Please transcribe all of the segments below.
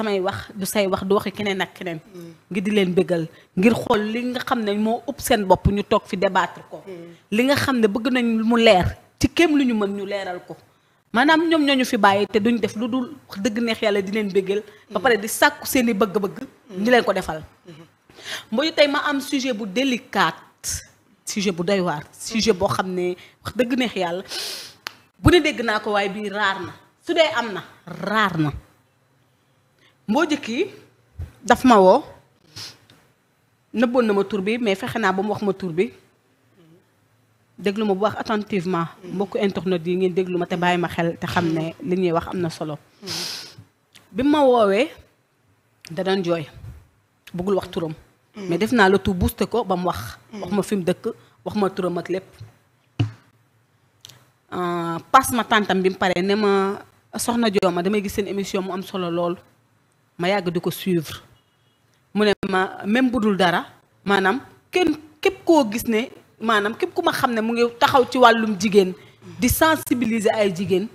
samay wax du say wax du waxi keneen ak keneen. ngir di leen bëggal ngir xool li nga xam ne moo ëpp seen bopp ñu toog fi débattre ko. li nga xam ne bëgg nañ mu leer ci kem lu ñu mën ñu leeral ko maanaam ñoom ñoo ñu fi bàyyi te duñ def lu dul dëgg neex yàlla di leen bëggal. ba pare di sàkku seeni bëgg-bëgg. ñu leen ko defal. mboju tey ma am sujet bu délicat sujet bu doy waar sujet boo xam ne wax dëgg neex yàlla bu ne dégg naa ko waaye bii mboo jëkk yi daf ma woo nëbboon na ma tur bi mais fexe naa ba mu wax ma tuur bi déglu ma bu wax attentivement mm. mbokk internet yi ngeen déglu ma te bàyyi ma xel te xam ne mm. li ñuy wax am na solo mm. bi ma woowee da doon jooy bëggul wax turam mais def naa la tout booster ko ba mu wax wax ma fi mu dëkk wax ma turam ak lépp euh, pass ma tàntam bi mu paree ne ma soxna jooma damay gis seen émission mu am solo lool ma yàgg di ko suivre mu ne ma même bu dul dara maanaam kenn képp koo gis ne maanaam képp ku ma xam ne mu ngi taxaw ci wàllum jigéen di sensibiliser ay jigéen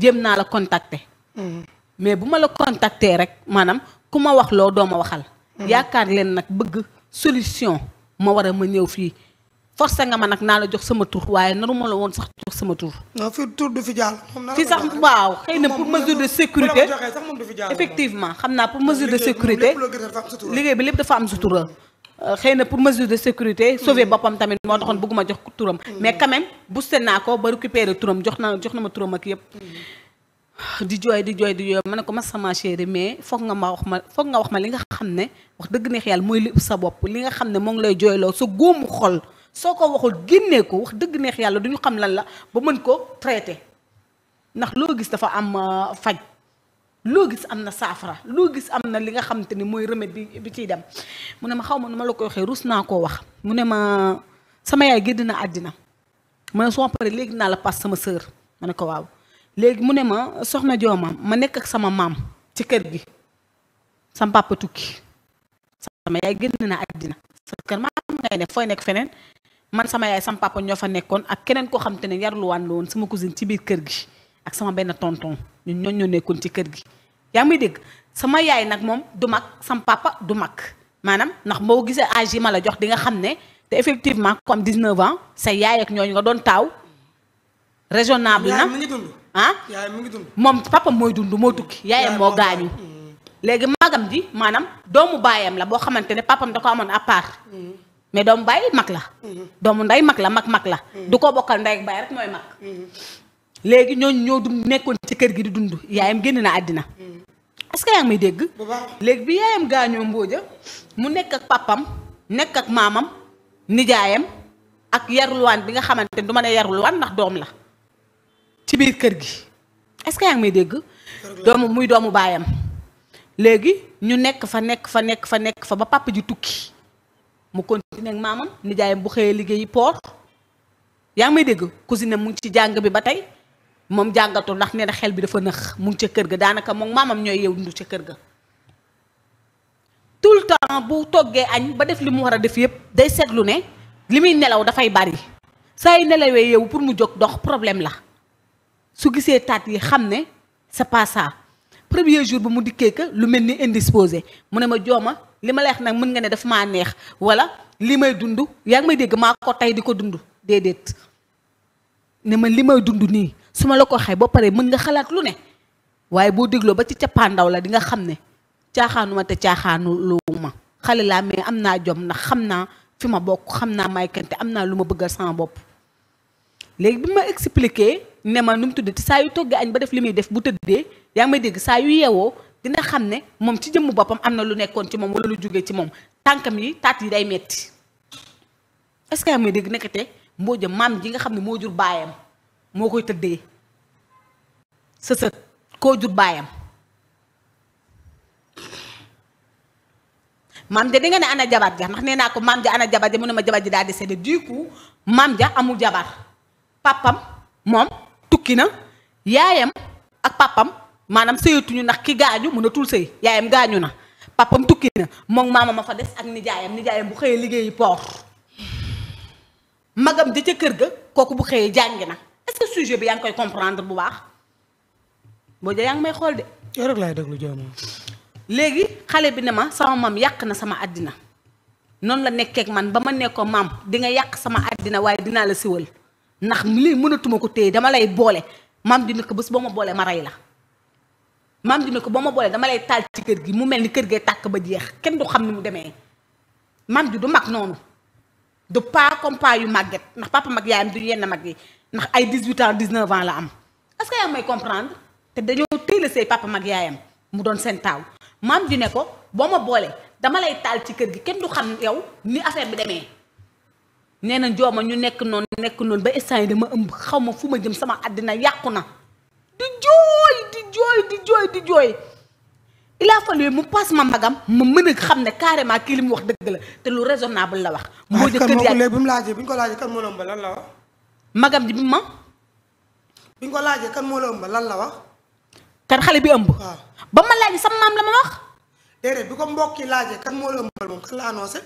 jéem naa la contacter. Mm. mais bu ma la contacter rek maanaam ku ma wax loo doo ma waxal. Mm. yaakaar leen nag bëgg solution ma war ma ñëw fii. forcé nga ma nag naa la jox sama tur waaye naruma la woon sax jox sama tur. non fi tur du fi jàll. fi sax waaw xëy na pour mesure de sécurité effectivement xam naa pour mesure de sécurité liggéey bi lépp dafa am sutura. Euh, xëy na pour mesure de sécurité sauver hmm. boppam tamit moo taxoon bëgguma jox ko turam. Hmm. mais quand même boosté naa ko ba récupérer turam jox na jox na ma turam ak yëpp. Hmm. di jooy di jooy di jooy ma ne ko ma sama chérie mais foog nga ma wax ma foog nga wax ma li nga xam ne wax dëgg neex yàlla mooy li sa bopp li nga xam ne moo ngi lay jooyloo sa góomu xol. soo ko waxul génnee ko wax dëgg neex yàlla duñu xam lan la ba mën ko traité ndax loo gis dafa am euh, faj loo gis am na saafara loo gis am na li nga xam te ni mooy remède bi bi ciy dem mu ne ma xaw ma nu ma la ko waxee ruus naa koo wax mu ne ma sama yaay gédd na àddina mu ne soo paree léegi naa la pass sama sœur ma ne ko waaw léegi mu ne ma soxna jooma ma nekk ak sama maam ci kër gi sama papa tukki sama yaay génn na àddina sa kër maam ngay ne fooy nekk feneen man sama yaay sama papa ñoo fa nekkoon ak keneen koo xam te ne yarluwaan la woon sama cousine ci biir kër gi ak sama benn tonton ñun ñoo ñoo nekkoon ci kër gi yaa muy dégg sama yaay nag moom du mag sama papa du mag maanaam ndax boo gisee âge yi ma la jox di nga xam ne te effectivement ku am 19 ans sa yaay ak ñooñu nga doon taaw raisonnable na ah moom papa mooy dund moo tukki yaayam moo gaañu léegi magam ji maanaam doomu baayam la boo xamante ne papam da ko amoon à part mm. ne doomu baay mag la. Mhm. doomu ndey mag la mag mag la. Mhm. du ko bokkal ndey ak baay rek mooy mag. Mhm. léegi ñooñu ñoo dund nekkoon ci kër gi di dund yaayam génn na àddina. est-ce que yaa ngi may dégg. léegi bi yaayam gaañoo mbooja mu nekk ak papam nekk ak nijaayam ak yarluwaan bi nga xamante ne du ma ne yarluwaan ndax doom la ci biir kër gi est-ce que yaa may dégg. doomu muy doomu baayam léegi ñu nekk fa nekk fa nekk fa nekk fa ba papa ji tukki. mu continué ak maamam nijaayam bu xëyee liggéeyi poor yaa ngi may dégg cousine mu ngi ci jàng bi ba tey moom jàngatul ndax nee na xel bi dafa nëx mu ngi ca kër ga daanaka moom maamam ñooy yow dundu ca kër ga. tout le temps bu toggee añ ba def li mu war a def yëpp day seetlu ne li muy nelaw dafay bari saa yu nelawee yow pour mu jóg dox problème la su gisee taat yi xam ne c'est pas ça premier jour bu mu dikkee que lu mel ni indisposé mu ne ma jooma li ma la leex nag mën nga ne daf maa neex wala li may dund yaa ngi may dégg maa ko tey di ko dund déedéet ne ma li may dund nii su ma la ko xëy ba pare mën nga xalaat lu ne waaye boo dégloo ba ci cappaandaw la di nga xam ne caaxaanuma te caaxaanu luuma xale laa mais am naa jom ndax xam naa fi ma bokk xam naa may kante am naa lu ma bëggal sama bopp léegi bi ma expliqué ne ma nu mu tuddati saa yu toggee añ ba def li muy def bu tëddee yaa ngi may dégg saa yu yeewoo dina xam ne moom ci jëmm boppam am na lu nekkoon ci moom wala lu jóge ci moom tànkam yi taat yi day metti est-ce que dégg nekkate moo jëm maam ji nga xam ne moo jur baayam moo koy tëddee sa koo jur baayam maam ja di nga ne ana jabar ja ndax nee naa ko maam ja ana jabar ja mu ne ma jabar ji daa décédé du coup maam ja amul jabar papam moom tukki na yaayam ak papam maanaam sëyatuñu ndax ki gaañu mënatul sëy yaayam gaañu na papam tukki na moom maama ma fa des ak nijaayam nijaayam bu xëyee liggéeyi port magam ja ca kër ga kooku bu xëyee jàngi na est-ce bi yaa ngi koy comprendre bu baax boo ja yaa ngi may xool de. yow rek laay déglu jaamu. léegi xale bi ne ma sama maam yàq na sama àddina noonu la nekkeek man ba ma nekkoon maam di nga yàq sama àddina waaye dinaa la siwal ndax lii mënatuma ko téye dama lay boole maam dina ko bés boo ma boole ma la. maam ji ne ko boo ma boolee dama lay taal ci kër gi mu mel ni kër gee tàkk ba jeex kenn du xam ni mu demee maam ji du mag noonu du pas comme yu màgget ndax papa mag yaayam du yenn mag ndax ay 18 ans 19 ans la am est que yaa may comprendre te dañoo teel a sëy papa mag yaayam mu doon seen taaw maam ji ne ko boo ma boolee dama lay taal ci kër gi kenn du xam yow ni affaire bi demee nee na jooma ñu nekk noonu nekk noonu ba instant yi dama ëmb xaw ma fu ma jëm sama àddina yàqu na du jooy jooy di jooy di jooy il a fallu mu passe ma magam ma mën a xam ne carrément kii li mu wax dëgg la te lu raisonnable la wax. Ah, moo de kër yaa léegi bi mu laajee bi ñu ko laajee kan moo la ëmb lan la wax. magam ji bi ma. bi ñu ko laajee kan moo la lan la wax. kan xale bi ëmb. Ah. ba ma laajee sama maam la ma bi ko mbokk yi kan moo la ëmbal moom kan la annoncé.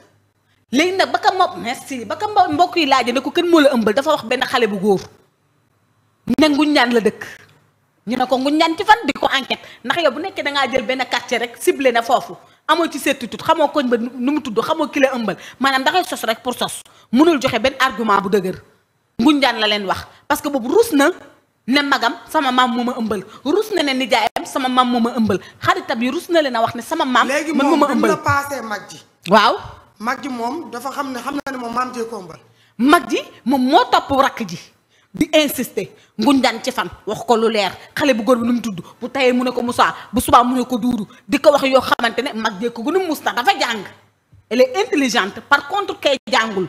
léegi nag ba ka mo merci ba ka mbokk yi laajee ne ko kën moo la ëmbal dafa wax benn xale bu góor. nenguñ ñaan la dëkk. ñu ne ko nguñ ñaan ci fan di ko enquête ndax yow bu nekkee da ngaa jël benn quartier rek ciblé na foofu amoo ci certitude xamoo koñ ba nu mu tudd xamoo ki la ëmbal maanaam da ngay rek pour sos mënul joxe benn argument bu dëgër nguñ ñaan la leen wax parce que boobu ruus na ne magam sama maam moo ma ëmbal ruus na ne nijaayam sama maam moo ma ëmbal xaritam yi ruus na leen a wax ne sama maam. man moo ma ëmbal léegi moom la paasee mag ji. waaw. mag ji moom dafa xam ne xam na ne moom maam jee ko ëmbal. mag ji moom moo topp rakk ji. di insister nguñ daan ci fan wax ko lu leer xale bu gor bi nu mu tudd bu tayee mu ne ko Moussa bu subaa mu ne ko duuru di ko wax yoo xamante ne mag ko jëkk gënu mus na dafa jàng elle est intelligente par contre kay jàngul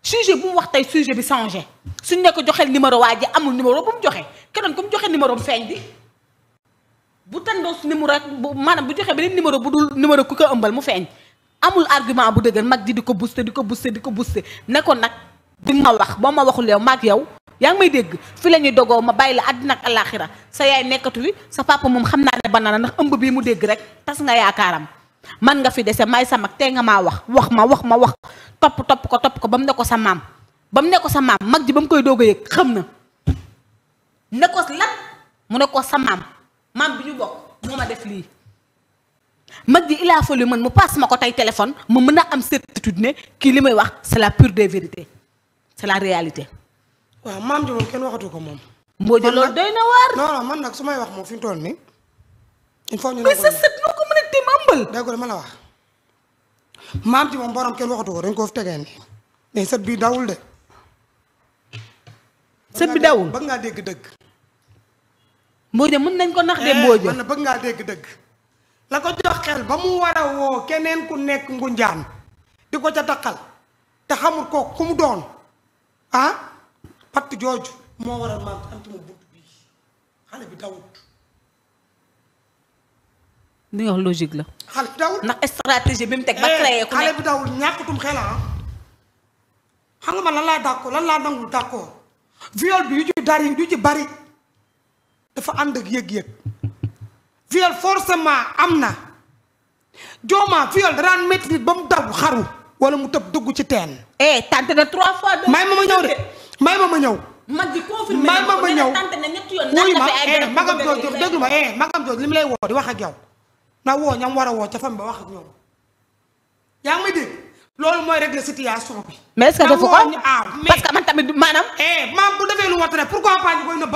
sujet bu wax tey sujet bi changé suñ ne ko joxeel numéro waa ji amul numéro bu mu joxe keneen ku mu joxe numéro bu feeñ bi bu tandoo su numéro rek bu maanaam bu joxe beneen numéro bu dul numéro ku ko ëmbal mu feeñ amul argument bu dëgër mag ji di ko booster di ko booster di ko booster ne ko nag duñ wax boo ma waxul yow maag yow yaa nga may dégg fi la ñuy dogoo ma bàyyi la àddina ak alaaxira sa yaay nekkatu fi sa papa moom xam naa ne banana ndax ëmb bii mu dégg rek tas nga yaakaaram man nga fi dese may sa mag tey nga maa wax wax ma wax ma wax topp topp ko topp ko ba mu ne sa maam ba mu ne sa maam mag ji ba koy doog xam na ne ko mu ne ko sa maam maam bi ñu bokk moo ma def lii mag ji il a fallu man mu passe ma ko tey téléphone mu mën a am certitude ne kii li may wax c'est la pure des vérités c'est la réalité waaw maam ji moom kenn waxatu ko moom. Mbodj loolu doy na waar. non man nag su may wax moom fi mu nii. il faut ñu ne sa ko mën a tim ma la wax maam ji moom borom kenn waxatu dañ koo fi tegee nii mais sët bi de. sët bi dégg dëgg. Mbodj mën nañ ko nax de eh, Mbodj. man bëgg ngaa dégg dëgg. la ko jox xel ba mu war a woo keneen ku nekk ngunjaan di ko ca taqal te xamul ko ku mu doon ah. patt jooju moo waral maam ci antuma bii xale bi dawut li nga wax logique la xale bi dawul ndax stratégie bi mu teg ba eh, créé ku ne xale ah. nga ma lan laa d'accord lan laa nangul d'accord viol bi yu ci dari yu ci bari dafa ànd ak yëg-yëg viol forcément am na joomaa viol danaan métti nit ba mu daw xaru wala mu tëb dugg ci teen eh tànte na trois fois may ma ma ñëw de may ma ma ñëw. mag ji confirmé may ma ma ñëw wuyu ma eh magam jooju déglu ma eh magam jooju li mu lay woo di wax ak yow na woo ñam war a woo ca fam ba wax ak ñoom yaa ngi may loolu mooy régler situation bi. mais est-ce que defu ko ah, parce que man tamit maanaam. eh bu defee lu wat rek pourquoi pas ñu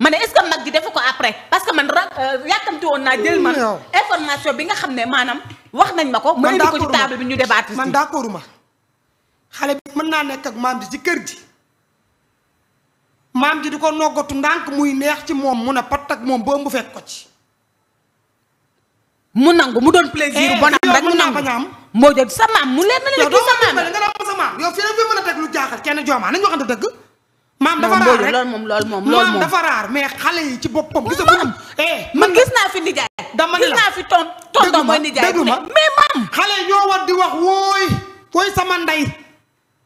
ma ne est-ce que mag ko après parce que man ra euh, yàkkamti woon naa jël man information bi nga xam ne maanaam wax nañ ma ko. man d'accord ma ma bi ñu débattre. man d'accord ma xale bi mën naa nekk ak maam ji ci kër ji. maam ji di ko noggatu ndànk muy neex ci moom mu a pot ak moom ba mu fekk ko ci. mu nangu mu doon plaisir eh, bon am rek mu nangu moo jot sa mu leer na leen kii sa maam nga doon sa maam yow fii nag fi lu jaaxal kenn joomaa nañu waxante dëgg. maam dafa raar moom lool moom lool moom dafa raar mais xale yi ci boppam. gis nga eh, man gis naa fi nijaay. dama ne la gis naa fi ton tonton ma nijaay. déglu ma mais maam. xale yi ñoo war di wax wooy wooy sama ndey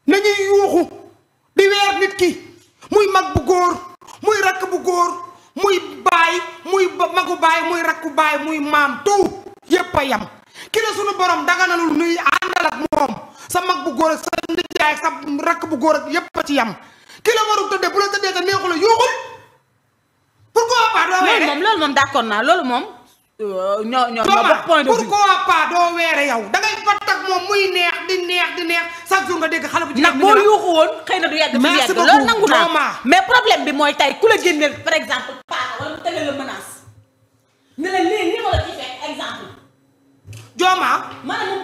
nañuy yuuxu di weer nit ki. muy mag bu góor muy rakk bu góor muy baay muy magu baay muy rakku baay muy maam tout yépp yam ki la sunu borom daganalul ne àndal ak moom sa mag bu góor ak sa nijaay sa rakk bu góor ak yépp a ci yam ki te neexul a yuuxul pourquoi pas loolu moom loolu moom d'accord naa loolu moom Euh, ñoo ñoo bokk point de vue yow da ngay bat ak moom di neex di neex chaque jour nga dégg xale bu jigéen nag boo xëy na du yàgg fi yàgg bi mooy tey ku la génneel par exemple paaka wala mu tegal la menace ne la ma la ci fekk exemple ma li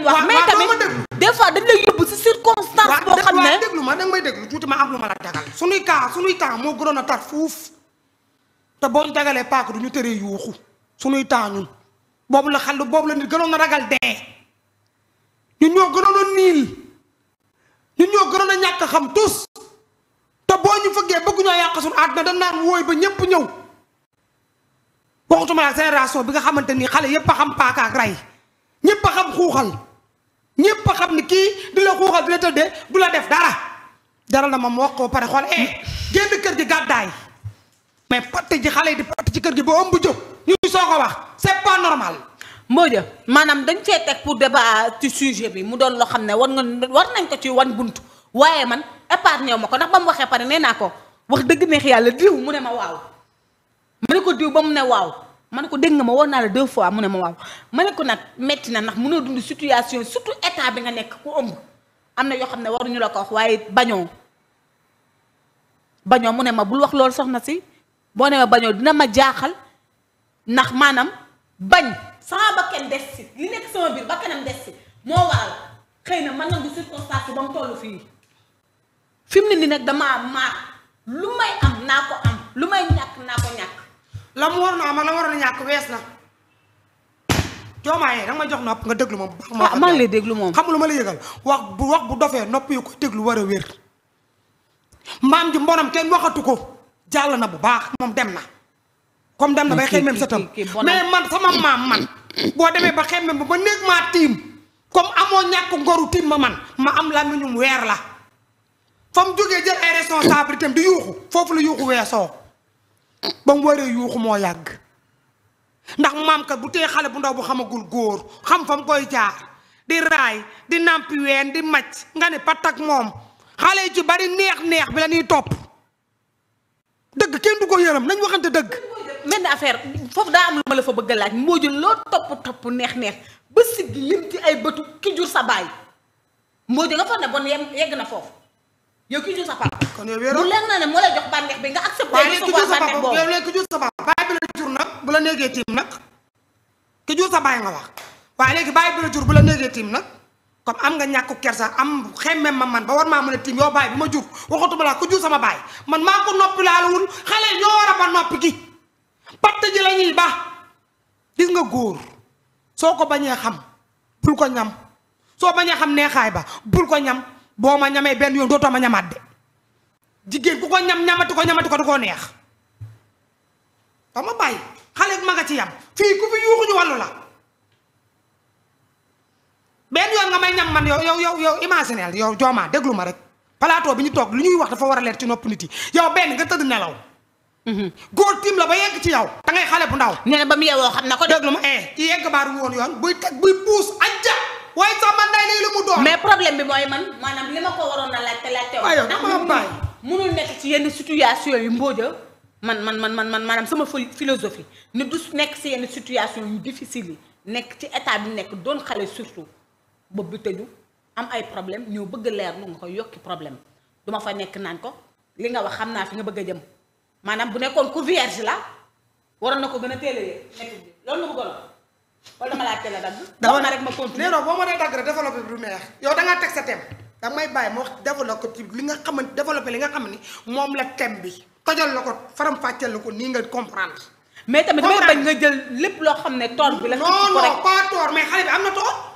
mu fois dañ lay yóbbu si circonstance boo xam ne déglu ma danga may déglu tuuti ma am lu ma la dagal suñuy cas suñuy cas moo gënoon a tar fuuf te boo dagalee paaka du ñu tëree yuuxu sunuy temps ñun boobu la xal boobu la nit gënoon a ragal de ñu ñoo gënoon a niil ñun ñoo gënoon a ñàkk xam tous te boo ñu fëggee bëgg ñoo yàq suñu àdduna dañ naan wooy ba ñépp ñëw waxutuma la génération bi nga xamante ni xale yépp a xam paaka ak rey ñépp a xam xuuxal ñépp a xam ni kii di la xuuxal di la tëddee du la def dara jaral na ma mu wax pare xool eh génn kër gi gàddaay mais patt ji xale yi di patt ci kër gi ba ëmb jóg soo ko wax c'est pas normal. Mbodja maanaam dañ fee pour de débat ci sujet bi mu doon loo xam ne war nga war nañ ko ci wan bunt waaye man épargne ma ko ndax ba mu waxee pare nee naa ko wax dëgg neex yàlla diw mu ne ma waaw. ma ne ko diw ba mu ne waaw ma ne ko dégg nga ma woon naa la fois mu ne ma waaw ma ne ko nag métti na ndax mënoo dund situation surtout état bi nga nekk ku ëmb am na yoo xam ne waruñu la ko wax waaye bañoo bañoo mu ne ma bul wax loolu soxna si boo ne ma bañoo dina ma jaaxal. ndax maanaam bañ sama bakken des si li nekk sama biir bakkenam des si moo waral xëy na man na du circonstance ba mu toll fii fi ne nii nag damaa maar lu may am naa ko am lu may ñàkk naa ko ñàkk la mu war na am la wees na joomaayee danga jox nopp nga déglu moom bu baax ah, maa lee lay déglu moom xam lu ma la yëgal wax bu wax bu dofee nopp yu ko déglu war a wér maam ji mbonam kenn waxatu ko jàll na bu baax moom dem na comme dem na bay xemmem sa tam mais man sama maam man boo demee ba xemmem ba ba néeg maa tiim comme amoo ñàkk ngoru tiim ma man ma am la mu weer la fa mu jógee jël ay tam di yuuxu foofu la yuuxu weesoo ba mu waree yuuxu moo yàgg ndax maamkat bu tee xale bu ndaw bu xamagul góor xam fa mu koy jaar di raay di nampi ween di macc nga ne pat ak moom xale yi ci bari neex neex bi la ñuy topp dëgg kenn du ko yërëm nañ waxante dëgg benn affaire foofu daa am lu ma la fa bëgg a laaj Mbodj loo topp topp neex-neex ba sigg lim ci ay bëtu ki jur sa baay Mbodj nga foog ne bon yem yegg na foofu yow sa papa. kon yow wéeroon bu ne moo lay jox bànneex bi nga accepté. lu soxla bànneex boobu waaye léegi ki jur sa papa baay bi la jur bu la néegee tiim nag ki jur sa baay nga wax waaye léegi baay bi la jur bu la néegee tiim nag. comme am nga ñàkku kersa am xemme ma man ba war maa mën a tiim yow baay bi ma jur waxatuma laa ko jur sama baay man maa ko noppi laaluwul xale ñoo war a ba noppi patt ji la ñuy ba gis nga góor soo ko bañee xam bul ko ñam soo bañee xam neexaay ba bul ko ñam boo ma ñamee benn yoon dootoo ma ñamaat de jigéen ku ko ñam ñamati ko ñamati du ko neex dama bàyyi xale maga ci yam fii ku fi yuuxu ñu wàllu la benn yoon nga may ñam man yow yow yow yow imaginel yow joomaa déglu ma rek palaatoo bi ñu toog lu ñuy wax dafa war a leer ci nopp nit yi yow benn nga tëdd nelaw Mhm. góor tiim la ba yegg ci yow da ngay xale bu ndaw nee na ba mu yewoo xam na ko déglu ma eh ci yegg baaru woon yoon buy teg buy puus ajja waaye sax man day lay lu mu doon mais problème bi mooy man maanaam li ma ko waroon a laajte laajte waaw dama bàyyi mënul nekk ci yenn situation yu mbooja man man man man man maanaam sama philosophie ne du nekk si yenn situation yu difficile yi nekk ci état bi nekk doon xale surtout bopp bi tëju am ay problème ñëw bëgg leer lu nga ko yokki problème duma fa nekk naan ko li nga wax xam naa fi nga bëgg a jëm maanaam bu nekkoon ku vierge la waroon na ko gën a teel a yëg métti loolu la ko gënoon wala dama laa a dagg. dama ma rek ma continuer. non boo mënee dagg rek développé bi du neex yow da ngaa teg sa thème da may bàyyi ma wax développé ci li nga xamante développé li nga xam ni moom la thème bi tojal na ko faram fàccel la ko nii nga comprendre. mais tamit damay bañ nga jël lépp loo xam ne tort bi la. non rek pas tort mais xale bi am na tort.